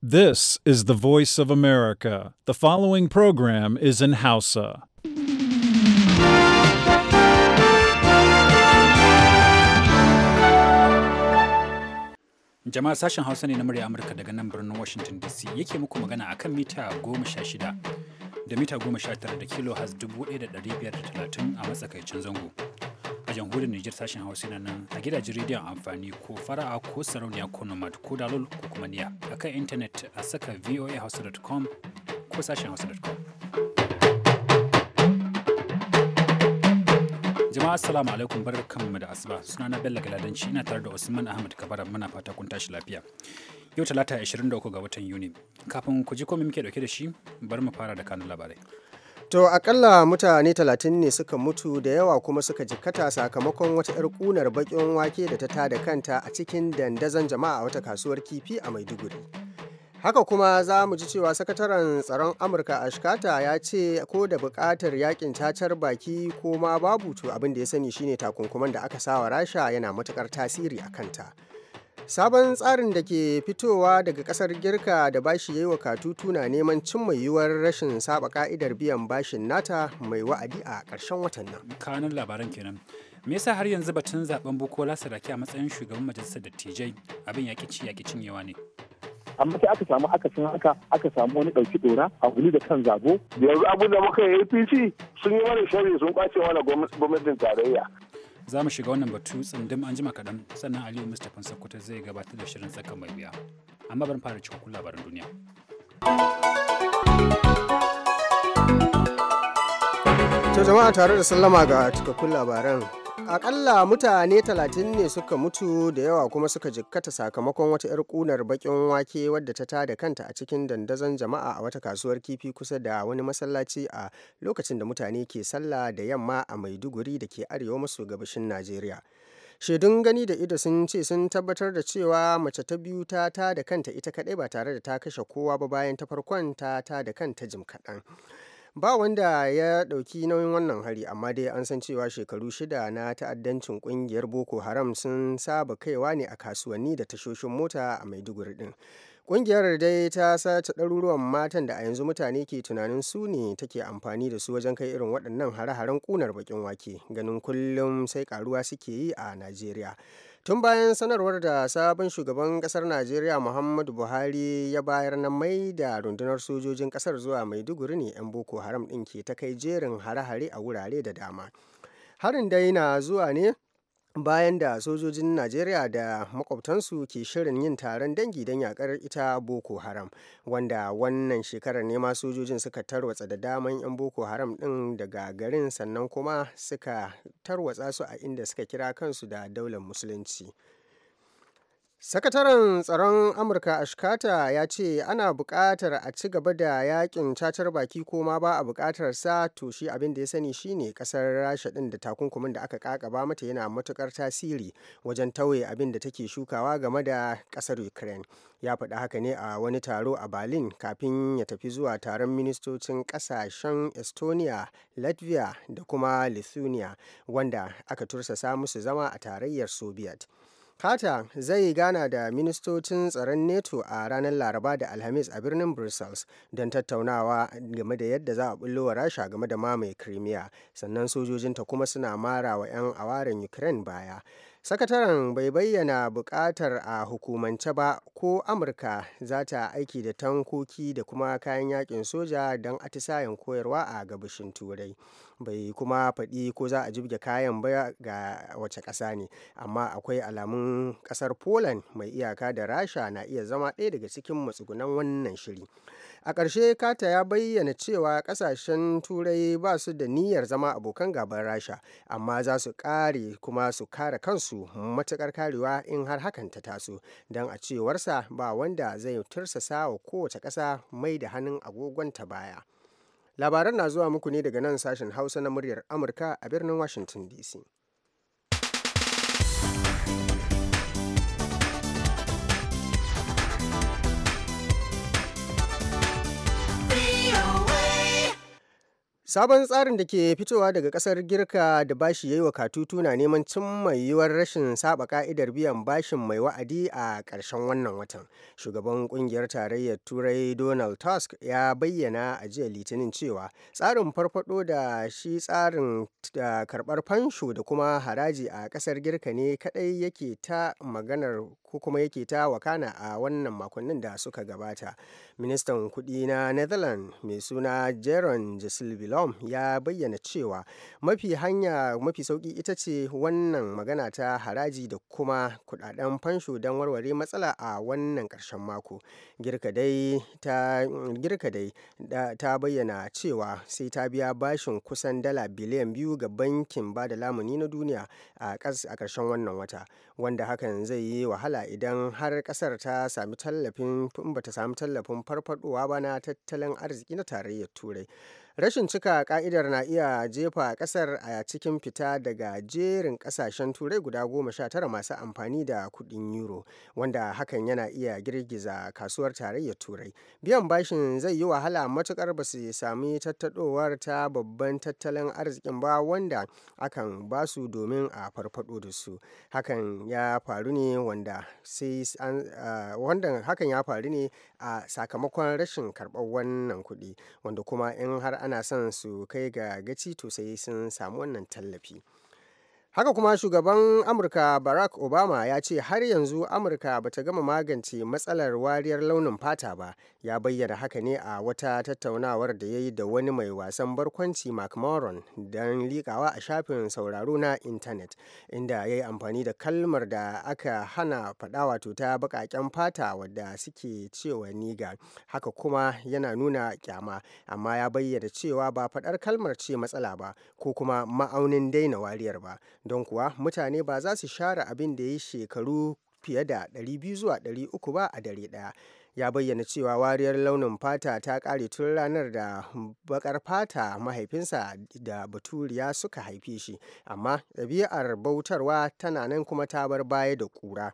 This is the voice of America. The following program is in Hausa. Jama'a sashen Hausa ne na murya Amurka daga nan birnin Washington DC yake muku magana akan mita goma sha shida da mita goma sha tara da kilo has dubu ɗaya da ɗari biyar da talatin a matsakaicin zango. jamhuriyar Nijar sashen Hausa na nan a gidajen rediyon amfani ko fara'a ko sarauniya ko nomad ko dalol ko kuma niya. A kan intanet a saka voahausa.com ko sashen hausa.com. Jama'a assalamu alaikum bar kanmu da asuba suna na Bello Galadanci ina tare da Usman Ahmad Kabara muna fata kun tashi lafiya. Yau talata 23 ga watan Yuni. Kafin ku ji komai muke dauke da shi bar mu fara da kanun labarai. To akalla mutane talatin ne suka mutu da yawa kuma suka jikkata sakamakon wata 'yar kunar bakin wake da ta tada kanta a cikin dandazon jama'a a wata kasuwar kifi a Maiduguri. Haka kuma za mu ji cewa sakataren tsaron Amurka a Shikata ya ce ko da buƙatar yakin cacar baki ko ma babu to abin da ya sani shine takunkuman da aka sawa Rasha yana matukar tasiri a kanta. Sabon tsarin da ke fitowa daga kasar Girka da bashi yayi wa katutu na neman cimma yiwuwar rashin saba ka'idar biyan bashin nata mai wa'adi a ƙarshen watan nan. Kanun labaran kenan. Me yasa har yanzu batun zaben Bukola sadaki a matsayin shugaban majalisar dattijai abin yaƙi ci yaƙi cinyewa ne. amma sai aka samu akasin haka aka samu wani ɗauki ɗora a wuli da kan zabo. yanzu abin da muka yi apc sun yi mana shari sun kwace mana gwamnatin tarayya za mu shiga wannan batu tsindim an jima kaɗan sannan aliyu mustapha sokoto zai gabatar da shirin tsaka mai biya amma bari fara cikakkun labaran duniya to jama'a tare da sallama ga cikakkun labaran akalla mutane 30 ne suka mutu da yawa kuma suka jikkata sakamakon wata 'yar kunar bakin wake wadda ta tada kanta a cikin dandazon jama'a a wata kasuwar kifi kusa da wani masallaci a lokacin da mutane ke sallah da yamma a maiduguri da ke arewa maso gabashin najeriya shaidun gani da ido sun ce sun tabbatar da cewa mace ta biyu ta tada kanta ita kadai ba tare da ta kashe kowa ba bayan ta farkon ta tada kanta jim kaɗan. ba wanda ya ɗauki nauyin wannan hari amma dai an san cewa shekaru shida na ta'addancin ƙungiyar boko haram sun saba kaiwa ne a kasuwanni da tashoshin mota a maiduguri ɗin Ƙungiyar dai ta sace ɗaruruwan matan da a yanzu mutane ke tunanin su ne take amfani da su wajen kai irin waɗannan hare-haren ƙunar baƙin wake ganin kullum sai ƙaruwa suke yi a Najeriya. tun bayan sanarwar da sabon shugaban kasar najeriya muhammadu buhari ya bayar na mai da rundunar sojojin kasar zuwa maiduguri ne 'yan boko haram ɗin ke ta kai jerin hare-hare a wurare da dama harin dai na zuwa ne bayan da sojojin najeriya da makwabtansu ke shirin yin taron dangi don yakar ita boko haram wanda wannan shekarar ne ma sojojin suka tarwatsa da daman 'yan boko haram din daga garin sannan kuma suka tarwatsa su a inda suka kira kansu da daular musulunci Sakataren tsaron Amurka Ashkata ya ce ana buƙatar a ci gaba da yakin cacar baki ko ma ba a buƙatar sa to shi abin da ya sani shine kasar Rasha din da takunkumin da aka kakaba mata yana matukar tasiri wajen tauye abin da take shukawa game da kasar Ukraine. Ya faɗi haka ne a wani taro a Berlin kafin ya tafi zuwa taron ministocin ƙasashen Estonia, Latvia da kuma Lithuania wanda aka tursasa musu zama a tarayyar Soviet. carter zai gana da ministocin tsaron neto a ranar laraba da alhamis a birnin brussels don tattaunawa game da yadda za a bullo wa rasha game da mamaye crimea sannan sojojinta kuma suna mara wa 'yan awarin ukraine baya sakataren bai bayyana bukatar a hukumance ba ko amurka za ta aiki da tankoki da kuma kayan yakin soja don atisayen koyarwa a gabashin turai bai kuma faɗi ko za a jibge kayan ba ga wace ƙasa ne amma akwai alamun ƙasar poland mai iyaka da rasha na iya zama ɗaya daga cikin matsugunan wannan shiri a ƙarshe kata ya bayyana cewa ƙasashen turai ba su da niyyar zama abokan gaban rasha amma za su ƙare kuma su kare kansu matuƙar karewa in har hakan ta taso don a cewarsa ba wanda zai tursasa wa kowace ƙasa mai da hannun agogon ta baya labaran na zuwa muku ne daga nan sashen hausa na muryar amurka a birnin washington dc Sabon tsarin da ke fitowa daga ƙasar Girka da bashi ya yi wa katutu na neman cimma yiwuwar rashin saba ka'idar biyan bashin mai wa'adi a ƙarshen wannan watan. Shugaban ƙungiyar tarayyar Turai Donald Tusk ya bayyana a jiya Litinin cewa tsarin farfado da shi tsarin karɓar fansho da kuma haraji a ƙasar Girka ne kaɗai yake ta maganar ko kuma yake ta wakana a wannan makonnin da suka gabata ministan kudi na netherlands mai suna jeron bilom ya bayyana cewa mafi hanya mafi sauki ita ce wannan magana ta haraji da kuma kudaden fansho don warware matsala a wannan karshen mako girka dai ta bayyana cewa sai ta biya bashin kusan dala biliyan biyu ga bankin ba da lamuni na duniya a ƙarshen wannan wata wanda hakan zai yi wahala wahala idan har kasar ta sami tallafin bata sami tallafin farfadowa ba na tattalin arziki na tarayyar turai rashin cika ka'idar na iya jefa kasar a cikin fita daga jerin kasashen turai guda goma sha tara masu amfani da kudin euro wanda hakan yana iya girgiza kasuwar tarayyar turai biyan bashin zai yi wahala matukar ba su sami tattaɗowar ta babban tattalin arzikin ba wanda akan ba su domin a farfaɗo da su hakan ya faru ne wanda sai wanda hakan ya faru ne a sakamakon rashin karɓar wannan kuɗi wanda kuma in har ana son su kai ga gaci to sai sun samu wannan tallafi. haka kuma shugaban amurka barack obama ya ce har yanzu amurka ba ta gama magance matsalar wariyar launin fata ba ya bayyana haka ne a wata tattaunawar da ya yi da wani mai wasan barkwanci mark moron don likawa a shafin sauraro na intanet inda ya yi amfani da kalmar da aka hana fada wato ta baƙaƙen fata wadda suke cewa niga haka kuma yana nuna kyama amma ya bayyana cewa ba faɗar kalmar ce matsala ba ko kuma ma'aunin daina wariyar ba don kuwa mutane ba za su share abin da ya shekaru fiye da 200 zuwa 300 ba a dare ɗaya ya bayyana cewa wariyar launin fata ta ƙare tun ranar da bakar fata mahaifinsa da baturiya suka haife shi amma ɗabi'ar bautarwa tana nan kuma ta bar baya da ƙura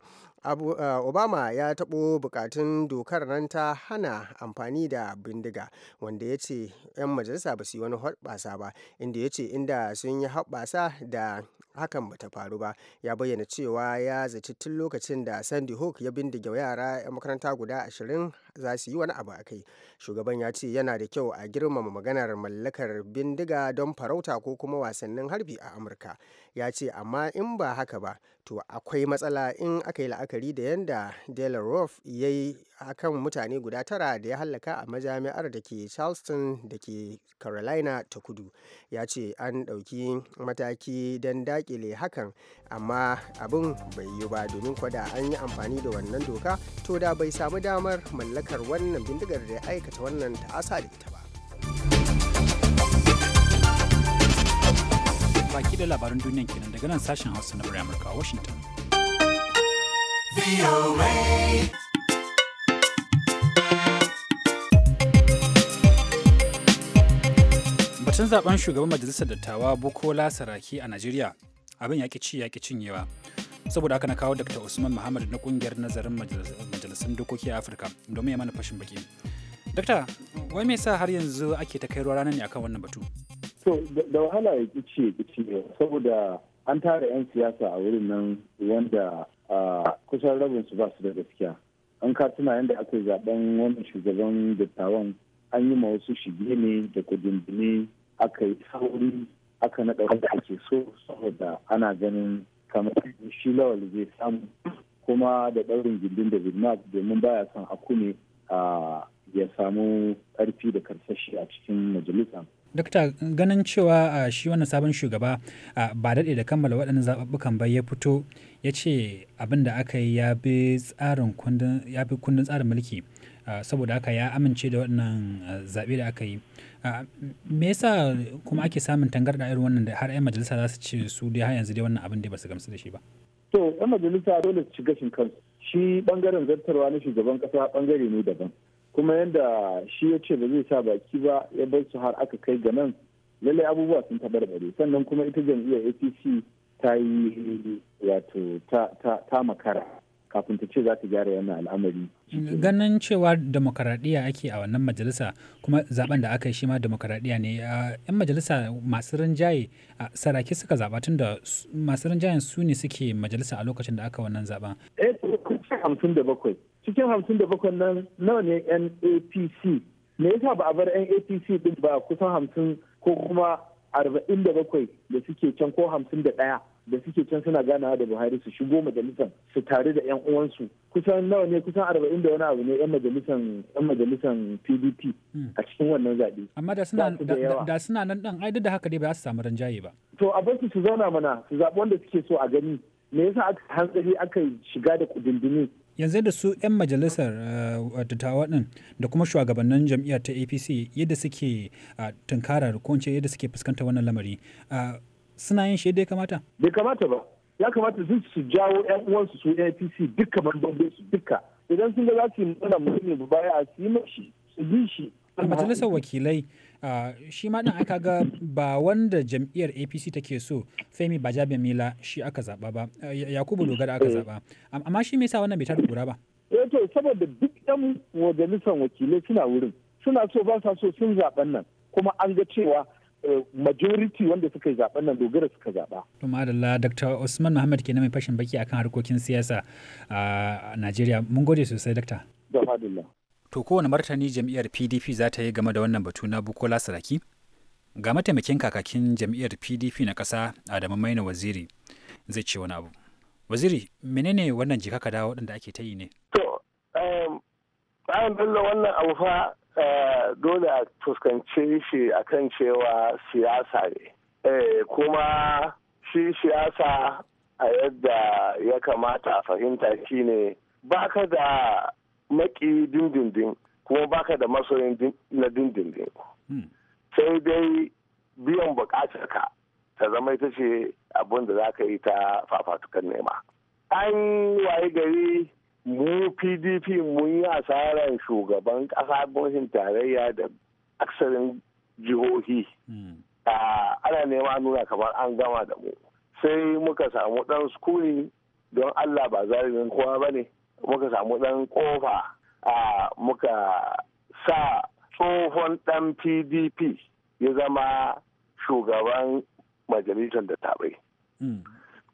Eh, obama ya taɓo bukatun dokar nan ta hana amfani da bindiga wanda ya ce 'yan majalisa ba su yi wani hoɓɓasa ba inda ya ce inda sun yi hoɓɓasa da hakan ba ta faru ba ya bayyana cewa ya zaci tun lokacin da sandy hook ya bindige yara 'yan makaranta guda ashirin za su yi wani abu a kai shugaban ya ce yana da kyau a girmama maganar mallakar bindiga don farauta ko kuma wasannin harbi a amurka ya ce amma in ba haka ba to akwai matsala in aka yi la'akari la'akari da yadda roof ya yi akan mutane guda tara da ya hallaka a majami'ar da ke Charleston da ke Carolina ta kudu. Ya ce an ɗauki mataki don dakile hakan amma abin bai yi ba domin kwada an yi amfani da wannan doka to da bai samu damar mallakar wannan bindigar da ya aikata wannan ta'asa da ita ba. baki da labarin duniyan kenan daga nan sashen hausa na amurka a washington Batun zaben shugaban majalisar dattawa Bukola Saraki a Najeriya abin yaƙi ci yaƙi cinyewa. saboda haka na kawo Dr. Usman Muhammad na kungiyar nazarin majalisun dokoki a Afirka domin ya mana fashin baki. Dokta, wai me sa har yanzu ake ta kairuwa ranar ne akan wannan batu? To, da wahala ya kici ya kici saboda an tara 'yan siyasa a wurin nan wanda a kusan rabin su ba su da gaskiya an ka tuna yadda aka zaben wani shugaban dattawan an yi ma wasu shige ne da kudindini aka yi sauri aka naɗa wanda ake so saboda ana ganin kamar shi lawal zai samu kuma da ɗaurin gindin da vidmat domin baya son haku ne ya samu ƙarfi da karsashi a cikin majalisa Dokta ganin cewa shi wannan sabon shugaba ba daɗe da kammala waɗannan zaɓaɓɓukan ba ya fito ya ce abin da aka yi ya bi kundin tsarin mulki saboda aka ya amince da waɗannan zaɓe da aka yi. Me yasa kuma ake samun tangarɗa irin wannan da har 'yan majalisa za su ce su dai har yanzu dai wannan abin da ba su gamsu da shi ba. To 'yan majalisa dole su shiga gashin kansu. Shi bangaren zartarwa na shugaban kasa bangare ne daban. kuma yadda shi ya ce ba zai sa baki ba ya bar su har aka kai ga nan lallai abubuwa sun tabarbare sannan kuma ita jam'iyyar apc ta yi wato ta makara kafin ta ce za ta gyara yana al'amari. Ganin cewa demokaradiyya ake a wannan majalisa kuma zaben da aka yi shi ma demokaradiyya ne yan majalisa masu rinjaye saraki suka zaba tun da masu rinjayen su ne suke majalisa a lokacin da aka wannan zaben. Eh, cikin hamsin da bakwai nan nawa ne NAPC me yasa ba a bar NAPC din ba kusan hamsin ko kuma arba'in da bakwai da suke can ko hamsin da ɗaya da suke can suna ganawa da Buhari su shigo majalisar su tare da 'yan uwansu kusan nawa ne kusan arba'in da wani abu ne 'yan majalisar yan majalisan PDP a cikin wannan zaɓe. Amma da suna da suna nan ɗan ai da haka dai ba za su samu jaye ba. To a bar su su zauna mana su zaɓi wanda suke so a gani me yasa aka hanzari aka shiga da kudindini yanzu da su 'yan majalisar eh, dattawa din da kuma shugabannin jam'iyyar ta apc yadda suke ah, tunkarar ko yadda suke fuskantar wannan lamari ah, suna yin shi yadda ya kamata bai kamata ba ya kamata sun su jawo 'yan uwansu su apc duka mandobin su duka idan sun ga za su yi mana mutum baya a su yi mashi su bi shi a majalisar wakilai shi ma ɗin aka ga ba wanda jam'iyyar apc take so femi bajabe mila shi aka zaɓa ba yakubu dogara aka eh. zaɓa amma shi me yasa wannan bai tada ba eh to saboda duk yan majalisar wakilai suna wurin suna so ba sa so sun zaɓen nan kuma an ga cewa eh, majority wanda suka yi zaɓen nan dogara suka zaɓa. To madalla Dr. Usman Muhammad ke mai fashin baki akan harkokin siyasa a nigeria Mun gode sosai Dr. to kowane martani jam'iyyar pdp za ta yi game da wannan batu na bukola saraki ga mataimakin kakakin jam'iyyar pdp na ƙasa adamu maina waziri zai ce wani abu waziri menene wannan jika ka dawo waɗanda ake ta yi ne to bayan um, bello wannan abu fa eh, dole a fuskance shi akan cewa siyasa ne eh, kuma shi siyasa a yadda ya kamata a fahimta shine ka da maki dindindin kuma baka da masoyin na dindindin hmm. sai dai biyan bukatar ka ta zama ita ce abin da za ka yi ta fafatukan nema an waye gari mu pdp mun yi asarar shugaban ƙasa gwamnatin tarayya da aksarin jihohi hmm. ana nema nuna kamar an gama da mu sai muka samu ɗan sukuni don allah ba zalimin kowa ba ne muka samu ɗan ƙofa muka sa tsohon ɗan pdp ya zama shugaban majalisar da taɓai hmm.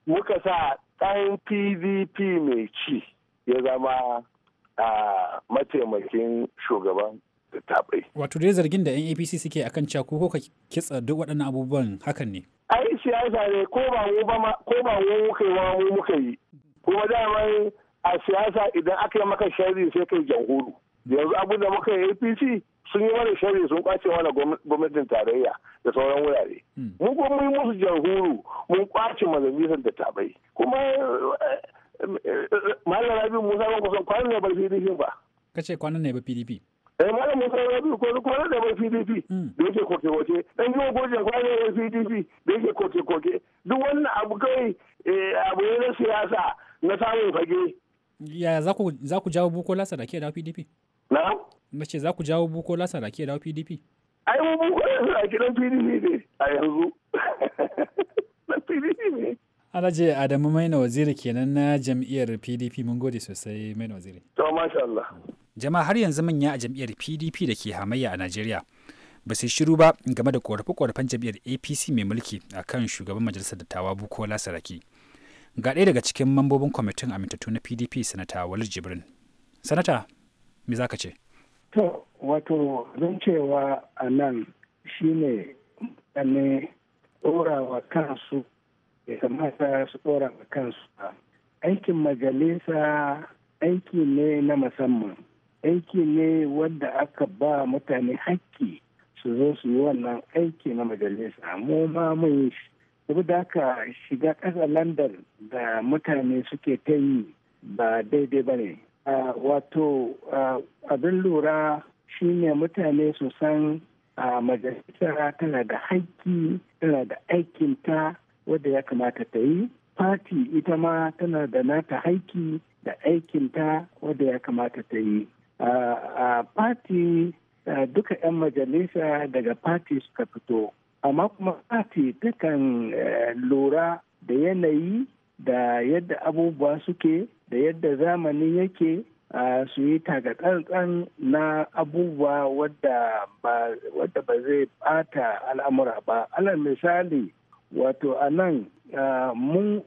muka sa ɗan pdp mai ci ya zama a mataimakin shugaban da taɓai. Wato dai zargin da 'yan APC suke akan cewa ko ka kitsa duk waɗannan abubuwan hakan ne. Ai siyasa ne ko ba mu ba ko ba mu muka yi wa mu muka yi. Kuma daman a siyasa idan aka yi maka shari sai kai jamhuru yanzu abin da muka yi apc sun yi mana shari sun kwace mana gwamnatin tarayya da sauran wurare hmm. mun kuma mun musu jamhuru mun kwace majalisar da tabai kuma eh, eh, malam rabi musa ban kusan kwanan ne bar pdp ba kace kwanan ne ba pdp eh malam musa rabi ko kwanan ne bar pdp hmm. da yake koke koke dan yi goje kwanan ne pdp da yake koke koke duk wannan abu kai eh, abu ne na siyasa na samun fage ya za ku jawo Lasa saraki ke dawo pdp na mace za ku jawo Lasa saraki ke dawo pdp ai mu da saraki dawo pdp ne a yanzu na pdp ne Alhaji Adamu Maina Waziri kenan na jam'iyyar PDP mun gode sosai Maina Waziri. To masha Allah. Jama'a har yanzu manya a jam'iyyar PDP da ke hamayya a Najeriya. Ba su shiru ba game da korafe-korafen jam'iyyar APC mai mulki a kan shugaban majalisar dattawa Bukola Saraki. ga ɗaya daga cikin mambobin kwamitin amintattu na pdp sanata walid jibrin sanata me za ka ce to wato zan cewa a nan ne mutane ɗorawa kansu ya kamata su ɗorawa kansu aikin majalisa aiki ne na musamman aiki ne wanda aka ba mutane hakki su zo su yi wannan aiki na majalisa mu ma mun yi shi saboda haka shiga ƙasar landar da mutane suke ta yi ba daidai ba ne wato abin lura shine mutane su san majalisar tana da haƙƙi tana da aikinta wadda ya kamata ta yi fati ita ma tana da nata haƙƙi da aikinta wadda ya kamata ta yi a fati duka 'yan majalisa daga fati suka fito amma kuma fati takan eh, lura da yanayi da yadda abubuwa suke da yadda zamani yake su yi tagatsantsan na abubuwa wadda ba zai bata al'amura ba alal misali wato a nan mun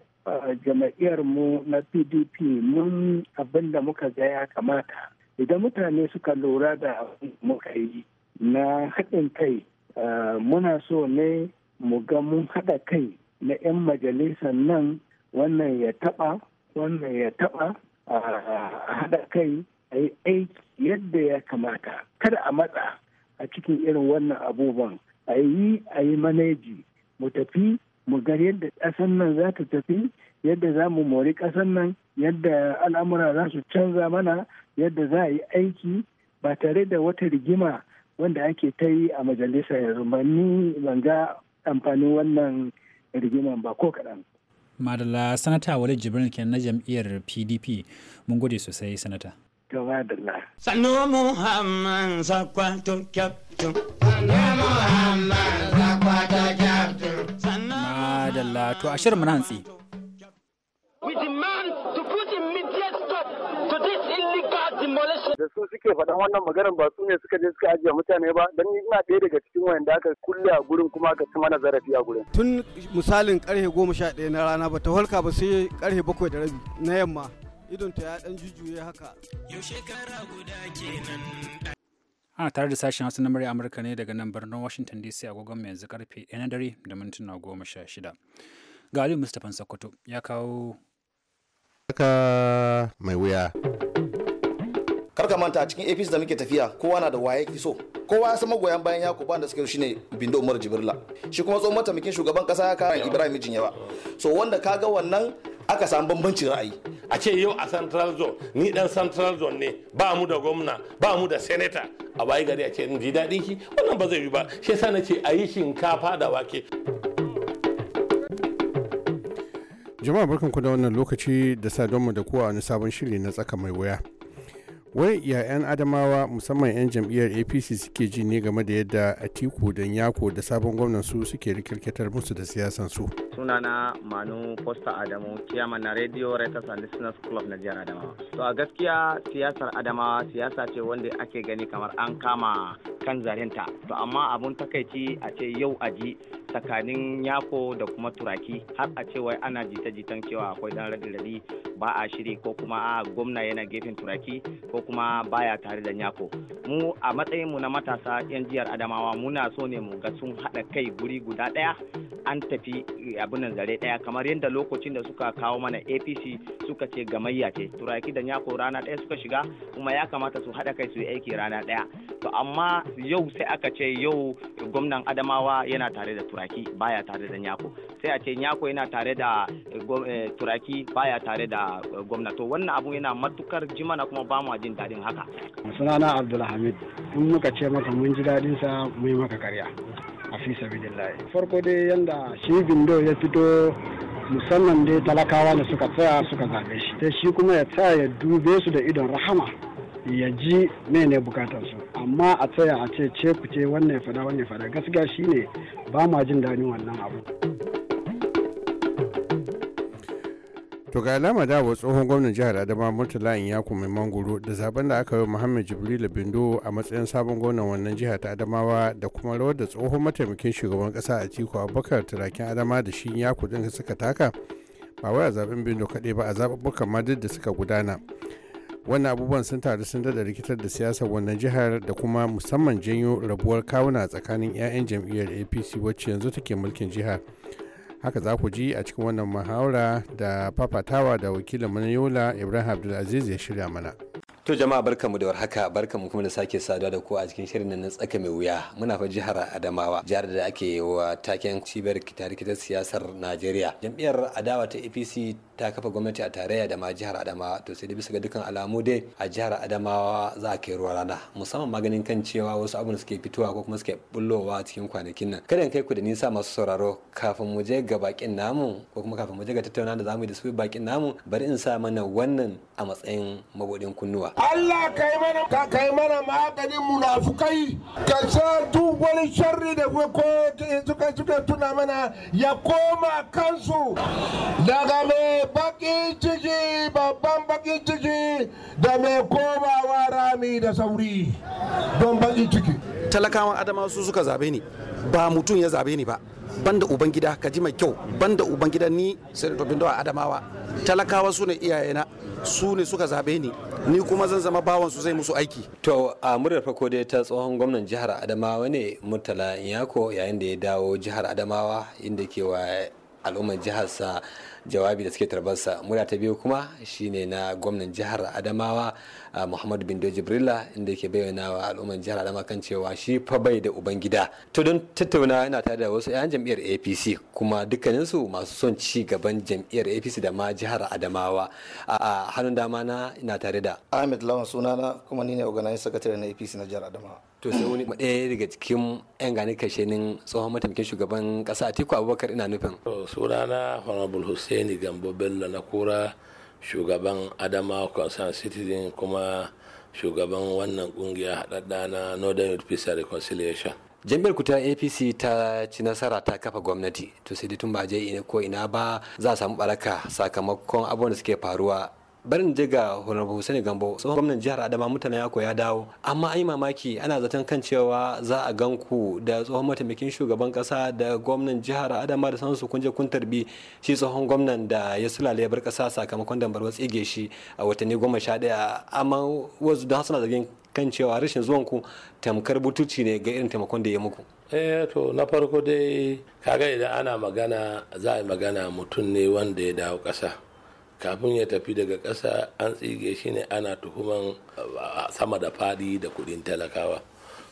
mu na pdp mun abin da muka ga ya kamata idan mutane suka lura da muka yi na haɗin kai Eh, muna so ne mu ga mun haɗa kai na 'yan majalisar nan wannan ya taɓa wannan ya taɓa a haɗa kai a yi aiki yadda ya kamata kada a matsa a cikin irin wannan abubuwan a yi a yi maneji mu tafi mu ga yadda ƙasan nan za ta tafi yadda za mu mori ƙasan nan yadda al'amura za su canza mana yadda za a yi aiki ba tare da wata rigima wanda ake ta yi a majalisa yanzu ni ban ga amfanin wannan rigiman ba ko kaɗan. madalla sanata wale jibrin kenan na jam'iyyar pdp mun gode sosai sanata gaba da na sanu muhammad zakwato kyaftin sanu muhammad zakwato kyaftin madalla to a shirin hantsi da su suke faɗan wannan maganar ba su ne suka je suka ajiye mutane ba dan ina ɗaya daga cikin wanda aka kulle a gurin kuma aka ci mana zarafi a gurin tun misalin karfe goma sha ɗaya na rana ba ta halka ba sai karfe bakwai da rabi na yamma idon ta ya ɗan jujjuye haka yau shekara guda kenan ana tare da sashen hausa na murya amurka ne daga nan birnin washington dc agogon mai yanzu karfe ɗaya na dare da mintuna goma sha shida ga mustapha sokoto ya kawo aka mai wuya kar ka manta cikin APC da muke tafiya kowa na da waye so kowa ya san magoyan bayan yaku ba da suke shine Bindo Umar Jibrila shi kuma tsohon mataimakin shugaban kasa ya kawo Ibrahim ba so wanda ka ga wannan aka samu bambancin ra'ayi a ce yau a central zone ni dan central zone ne ba mu da gwamna ba mu da senator a bayi gari a ce ji daɗin shi wannan ba zai yi ba shi yasa na ce a yi shinkafa da wake jama'a barkan ku da wannan lokaci da sadonmu da kowa wani sabon shiri na tsaka mai waya. wai yayan adamawa musamman 'yan jam'iyyar apc suke ji ne game da yadda atiku don yako da sabon gwamnan su suke rikirkitar musu da siyasan su sunana manu posta adamu ciyaman na radio writers and listeners club na jihar adamawa to a gaskiya siyasar adamawa siyasa ce wanda ake gani kamar an kama kan zarenta. to amma abun takaici a ce yau ji. tsakanin yako da kuma turaki har a ce ana jita-jitan cewa akwai dan radadi ba a shiri ko kuma a gwamna yana gefen turaki ko kuma baya tare da yako mu a matsayin mu na matasa yan jihar adamawa muna so ne mu ga sun haɗa kai guri guda ɗaya an tafi eh, nan zare daya kamar yadda lokacin da suka kawo mana apc suka ce gamayya ce turaki da nyako rana daya suka shiga kuma ya kamata su hada kai su yi aiki rana daya to amma yau sai aka ce yau gwamnan adamawa yana tare da turaki baya tare da nyako sai a ce nyako yana tare da eh, eh, turaki baya tare da gwamna to wannan abu yana matukar jimana kuma ba mu jin daɗin haka sunana abdulhamid in muka ce maka mun ji daɗin sa mu yi maka karya a fi farko dai yanda shi bindo ya fito musamman dai talakawa da suka tsaya suka zabe shi sai shi kuma ya tsaya ya dube su da idon rahama ya ji mene su amma a tsaya a ce ce ku ce wannan ya fada wannan ya fada gaskiya shine ba ma jin daɗin wannan abu. to ga alama dawo tsohon gwamnan jihar adama murtala in ya kuma mangoro da zaben da aka yi muhammad jibril bindo a matsayin sabon gwamnan wannan jiha ta adamawa da kuma rawar da tsohon mataimakin shugaban kasa a ciko abubakar turakin adama da shi ya kudin suka taka ba wai a zaben bindo kaɗai ba a zaɓuɓɓukan ma duk da suka gudana wannan abubuwan sun taru sun dada rikitar da siyasar wannan jihar da kuma musamman janyo rabuwar kawuna tsakanin 'ya'yan jam'iyyar apc wacce yanzu take mulkin jihar haka za ku ji a cikin wannan muhawara da fafatawa da wakilin manayola ibrahim abdulaziz ya shirya mana to jama'a barkamu da warhaka mu kuma da sake saduwa da ku a cikin shirin nan tsaka mai wuya muna fa jihar adamawa jihar da ake wa taken cibiyar rikitar siyasar najeriya jam'iyyar adawa ta apc ta kafa gwamnati a tarayya da ma jihar adamawa to sai da bisa ga dukkan alamu dai a jihar adamawa za a kai ruwa rana musamman maganin kan cewa wasu abin suke fitowa ko kuma suke bullowa cikin kwanakin nan kada kai ku da nisa masu sauraro kafin mu je ga bakin namu ko kuma kafin mu je ga tattauna da zamu yi da su bakin namu bari in sa mana wannan a matsayin mabudin kunnuwa Allah kai mana ka kai mana maganin munafukai ka sa duk wani sharri da ko suka suka tuna mana ya koma kansu daga mai mai bakin ciki babban bakin ciki da mai komawa rami da sauri don bakin ciki talakawan adama su suka zabe ni ba mutum ya zabe ni ba banda ubangida ka ji mai kyau banda ubangida ni senator bindo a adamawa talakawa su ne iyayena su ne suka zabe ni ni kuma zan zama bawan su zai musu aiki to a muryar farko dai ta tsohon gwamnan jihar adamawa ne murtala yako yayin da ya dawo jihar adamawa inda ke wa al'ummar jihar sa jawabi da suke tarbarsa muna ta biyu kuma shine na gwamnan jihar adamawa muhammadu bindo jibrila inda yake bayyana wa al'ummar jihar adama kan cewa shi fa bai da ubangida to don tattauna yana tare da wasu 'yan jam'iyyar apc kuma dukkaninsu masu son ci gaban jam'iyyar apc da ma jihar adamawa a hannun dama na ina tare da ahmed lawan sunana kuma ni ne ogana secretary na apc na jihar adamawa to sai wani ɗaya daga cikin 'yan gani kashenin tsohon mataimakin shugaban ƙasa atiku abubakar ina nufin sunana honorable hussaini gambo bello na kura shugaban adama concern citizen kuma shugaban wannan kungiya haɗaɗɗa na northern youth peace and reconciliation jami'ar ku apc ta ci nasara ta kafa gwamnati to sai da tun ba je ko ina ba za a samu baraka sakamakon abubuwan da suke faruwa barin je ga honorable Hussaini Gambo tsohon gwamnan jihar Adama mutane ya dawo amma yi mamaki ana zaton kan cewa za a ganku da tsohon mataimakin shugaban kasa da gwamnan jihar Adama da sansu kun je kun tarbi shi tsohon gwamnan da ya sulale bar kasa sakamakon dambarwa tsige shi a watanni goma sha daya amma wasu don suna zargin kan cewa rashin zuwan ku tamkar butuci ne ga irin taimakon da ya muku eh to na farko dai kaga idan ana magana za a yi magana mutum ne wanda ya dawo kasa kafin ya tafi daga ƙasa an tsige shi ne ana tuhuman ah, sama da fadi da kudin talakawa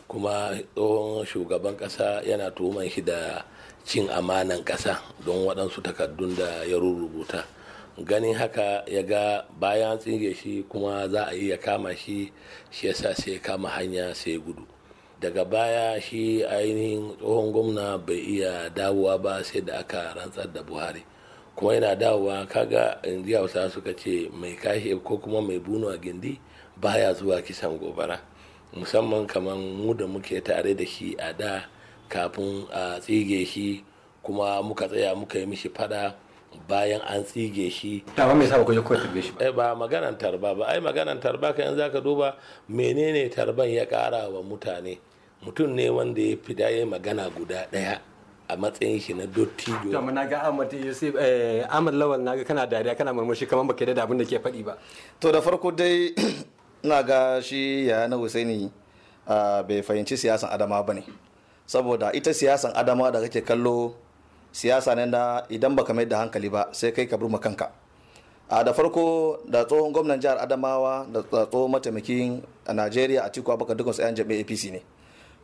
kuma tsohon shugaban ƙasa yana tuhuman shi da cin amanan ƙasa don waɗansu takardun da ya rubuta ganin haka ya ga bayan tsige shi kuma za a iya kama shi shi yasa sai kama hanya sai gudu daga baya shi ainihin tsohon gwamna bai iya dawowa ba sai da aka rantsar da buhari kuma yana dawowa kaga yanzu hausa suka ce mai kashi ko kuma mai buno a gindi baya zuwa kisan gobara musamman kamar mu da muke tare da shi a da kafin a tsige shi kuma muka tsaya muka yi mishi fada bayan an tsige shi ba mai sa kuje tarbe shi ba eh, ba maganan tarba ba ai maganan tarba ka yanzu zaka duba menene tarban ya kara wa mutane mutum ne wanda ya fida ya magana guda daya a matsayin shi na dottijo to na ga Ahmad Yusuf eh Ahmad Lawal naga kana dariya kana murmushi kamar baka da abin da ke faɗi ba to da farko dai na ga shi ya na Husaini bai fahimci siyasan Adama bane saboda ita siyasan Adama da kake kallo siyasa ne da idan baka mai da hankali ba sai kai ka burma kanka a da farko da tsohon gwamnan jihar adamawa da tsohon mataimakin a najeriya a cikin abubakar dukkan su 'yan jami'a apc ne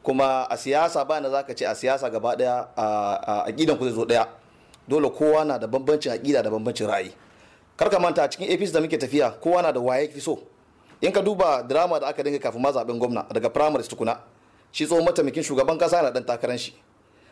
kuma a siyasa ba na zaka ce a siyasa gaba daya a aqidan ku zai zo daya dole kowa na da bambancin aqida da bambancin ra'ayi kar ka manta cikin APC da muke tafiya kowa na da waye ki so in ka duba drama da aka dinga kafin ma zaben gwamna daga primaries tukuna shi tsohon mataimakin shugaban kasa na dan takaran shi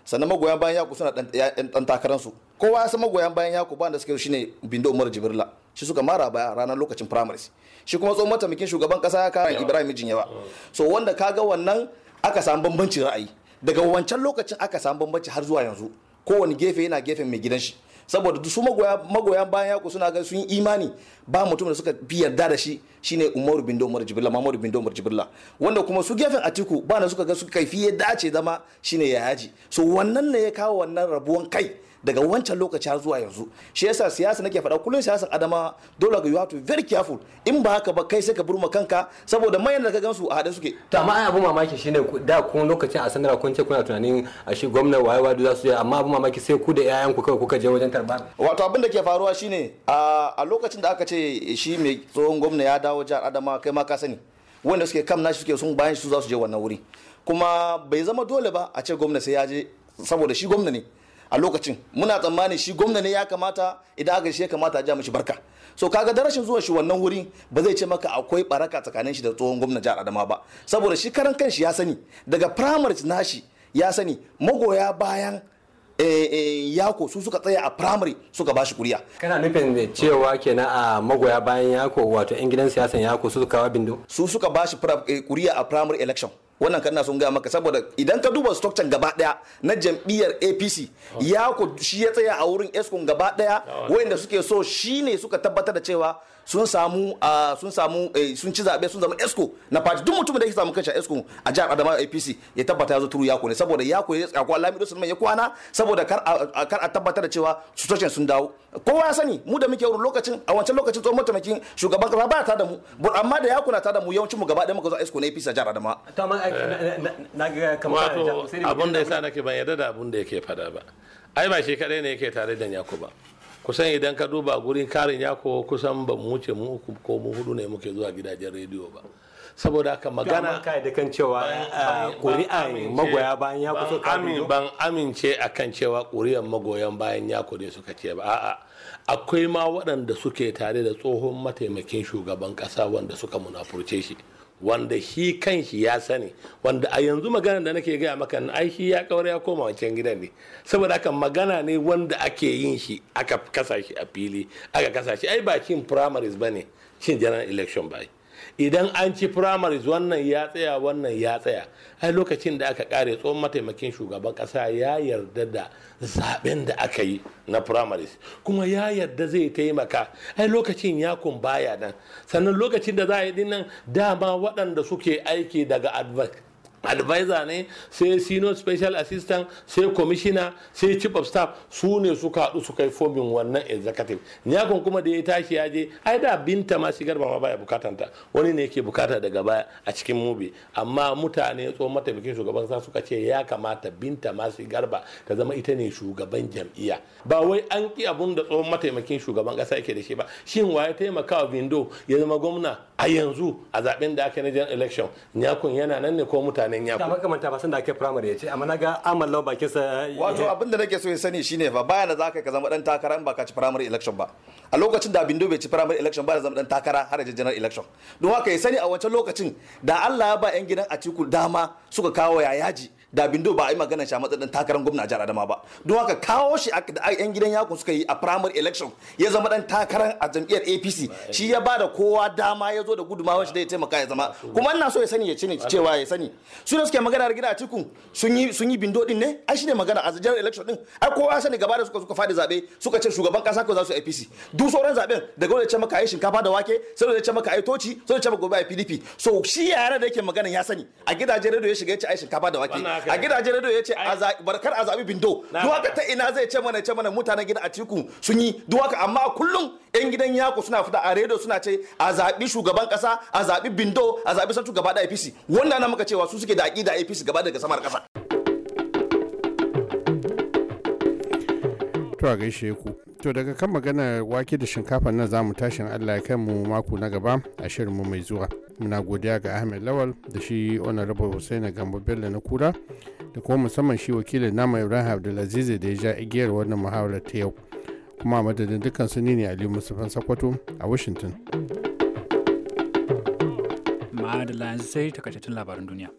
sannan magoyan bayan yaku suna dan takaran su kowa ya san magoyan bayan yaku ba da suke shine bindo umar jibrila shi suka mara baya ranar lokacin primaries shi kuma tsohon mataimakin shugaban kasa ya kara ibrahim jinyawa so wanda kaga wannan aka samu bambancin ra'ayi daga wancan lokacin aka samu bambanci har zuwa yanzu kowane gefe yana gefen mai gidan shi saboda su magoya bayan yaku suna ga sun yi imani ba mutum da suka fi yarda da shi shine Umaru bin Umar Jibrilla Muhammadu bin Umar Jibrilla wanda kuma su gefen Atiku ba na suka ga su kaifi ya dace zama shine Yayaji so wannan ne ya kawo wannan rabuwan kai daga wancan lokaci har zuwa yanzu shi yasa siyasa nake faɗa kullum siyasa adama dole ga you have to be very careful in ba haka ba kai sai ka burma kanka saboda mayan da ka gansu a haɗe suke to amma ai abu mamaki shine da kun lokacin a sanarwa kun ce kuna tunanin a shi gwamnati waye wadu za su yi amma abu mamaki sai ku da yayan ku kawai kuka je wajen tarbar. wato abin da ke faruwa shine a lokacin da aka ce shi mai tsohon gwamna ya dawo jihar adama kai ma ka sani wanda suke kam nashi suke sun bayan su za su je wannan wuri kuma bai zama dole ba a ce gwamna sai ya je saboda shi gwamna ne a lokacin muna tsammanin shi gwamna ne ya kamata idan aka shi ya kamata ja mishi barka so kaga da rashin zuwa shi wannan wuri ba zai ce maka akwai baraka tsakanin shi da tsohon gwamna jihar Adama ba saboda shi karan kanshi ya sani daga primaries nashi ya sani magoya bayan eh, eh, yako su suka tsaya a primary suka ba shi kuriya kana nufin cewa kenan a magoya bayan yako wato yan siyasan yako su suka wa bindo su suka ba eh, kuriya a primary election wannan kan sun gaya maka saboda idan ka duba structure gaba daya na jam'iyyar APC ya ku shi ya tsaya a wurin Eskon gaba daya wayanda suke so shine suka tabbatar da cewa sun samu sun samu eh, sun ci zaɓe sun zama esco na party duk mutumin da ya samu kanshi esco a jihar adamawa apc ya tabbata ya zo turu yako ne saboda yako ya tsakwa lamido sulman ya kwana saboda kar a tabbatar da cewa su sun dawo kowa ya sani mu da muke wurin lokacin a wancan lokacin tsohon mataimakin shugaban kasa ba ta da mu amma da yakuna ta da mu yawancin mu gaba ɗaya muka zo esco na apc a jihar adamawa. Eh, wato abin da ya sa nake ban yarda da abin da yake fada ba ai ba shi kadai ne yake tare da yako ba kusan idan ka duba gurin karin yako kusan ba mu wuce mu uku ko mu hudu ne muke zuwa gidajen rediyo ba saboda haka magana ka da kan cewa ƙuri'a magoya bayan ya kusa karin ban amince a kan cewa ƙuri'an magoyan bayan ya ne suka ce ba a'a akwai ma waɗanda suke tare da tsohon mataimakin shugaban ƙasa wanda suka munafurce shi wanda shi kan shi ya sani wanda a yanzu magana da nake gaya maka ai shi ya kaura ya koma wancan gidan ne saboda haka magana ne wanda ake yin shi aka kasa shi a fili aka kasa shi ai ba cin primaries bane cin general election ba idan an ci primaries wannan ya tsaya wannan ya tsaya ai lokacin da aka kare tsohon mataimakin shugaban kasa ya yarda da zaben da aka yi na primaries kuma ya yarda zai taimaka ai lokacin ya kun baya nan sannan lokacin da za a yi dinnan dama waɗanda suke aiki daga advert advisor ne sai senior special assistant sai commissioner sai chief of staff su ne suka haɗu su kai fomin wannan executive nyakon kuma da ya tashi ya je ai da binta ma shigar ba ma baya bukatanta wani ne yake bukata daga baya a cikin mubi amma mutane tsohon mataimakin shugaban sa suka ce ya kamata binta shigar ba ta zama ita ne shugaban jam'iyya ba wai an ki abun da tsohon mataimakin shugaban kasa yake da shi ba shin waye taimaka wa bindo ya zama gwamna a yanzu a zaben da aka yi na election nyakun yana nan ne ko mutanen nyakun da kamar ta san da ake primary ya ce amma naga amal bakin sa wato abin da nake so ya sani shine ba baya da zaka ka zama dan takara in ba ka ci primary election ba a lokacin da bindo bai ci primary election ba da zama dan takara har ya general election don haka ya sani a wancan lokacin da Allah ya ba yan gidan Atiku dama suka kawo yaji da bindo ba a yi magana shi a matsayin takarar gwamna a jihar adama ba don haka kawo shi a yan gidan yaku suka yi a primary election ya zama dan takarar a jam'iyyar apc shi ya ba da kowa dama ya zo da gudunmawar shi da ya taimaka ya zama kuma ina so ya sani ya ci cewa ya sani su da suke magana da gida a cikin sun yi bindo din ne ai shi ne magana a jihar election din ai kowa sani gaba da suka suka fadi zabe suka ce shugaban kasa ko za su apc duk sauran zaben daga wanda ya ce maka ai shinkafa da wake sai wanda ya ce maka ai toci sai wanda ya ce maka gobe ai pdp so shi yare da yake magana ya sani a gidajen radio ya shiga ya ce ai shinkafa da wake a gidajen radio ya ce barkar a zaɓi bindo duwaka ta ina zai ce mana ce mana mutanen gida a tiku sun yi duwaka amma kullum yan gidan yaku suna fita a radio suna ce a zaɓi shugaban ƙasa a zaɓi bindo a zaɓi santu gaba da apc wannan na muka cewa su suke da aƙida apc gaba daga samar ƙasa To a gaishe ku. To daga kan maganar wake da shinkafa nan zamu tashin Allah ya kai mu mako na gaba a shirinmu mai zuwa. Muna godiya ga Ahmed Lawal da shi Honorable Hussein Gambo Bello na Kura da kuma musamman shi wakilin nama Ibrahim Abdulaziz da ya ja igiyar wannan muhawarar ta yau. Kuma madadin dukkan su ne Aliyu Mustafa Sakwato a Washington. Ma'adala sai takaitattun labaran duniya.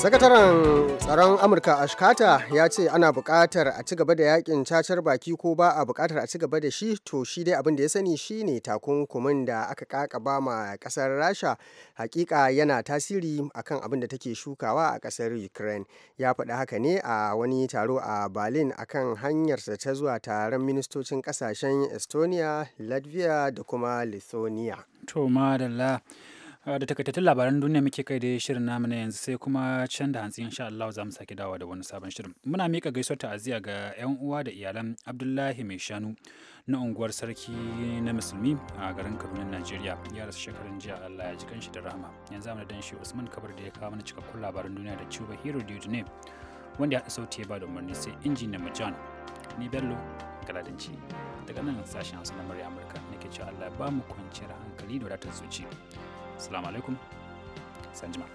sakataren tsaron amurka ashkata ya ce ana buƙatar a ci gaba da yakin cacar baki ko ba a bukatar a ci gaba da shi to shi dai abin da ya sani shine takunkumin da aka ƙaƙaba ma ƙasar rasha hakika yana tasiri akan abin da take shukawa a ƙasar ukraine ya faɗi haka ne a wani taro a berlin akan hanyarsa ta zuwa taron ministocin ƙasashen estonia latvia da kuma lithuania da takaitattun labaran duniya muke kai da shirin namu na yanzu sai kuma can da hantsi insha Allah za mu sake dawo da wani sabon shirin muna mika gaisuwar ta'aziyya ga yan uwa da iyalan Abdullahi Mai Shanu na unguwar sarki na musulmi a garin Kaduna Najeriya ya rasu shekarun jiya Allah ya ji kanshi da rahama yanzu mu dan shi Usman Kabar da ya kawo mana cikakkun labaran duniya da chuba Hero ne wanda ya sauti ya ba da umarni sai injiniyan mu John ni Bello Galadanci daga nan sashen Hausa na Amurka nake cewa Allah ya ba mu kwanciyar hankali da wadatar zuci. Assalamu alaikum. سنجمع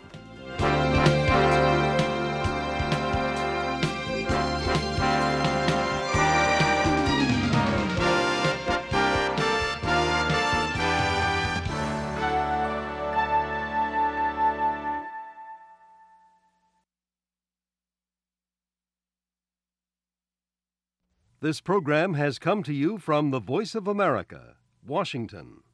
This program has come to you from the Voice of America, Washington.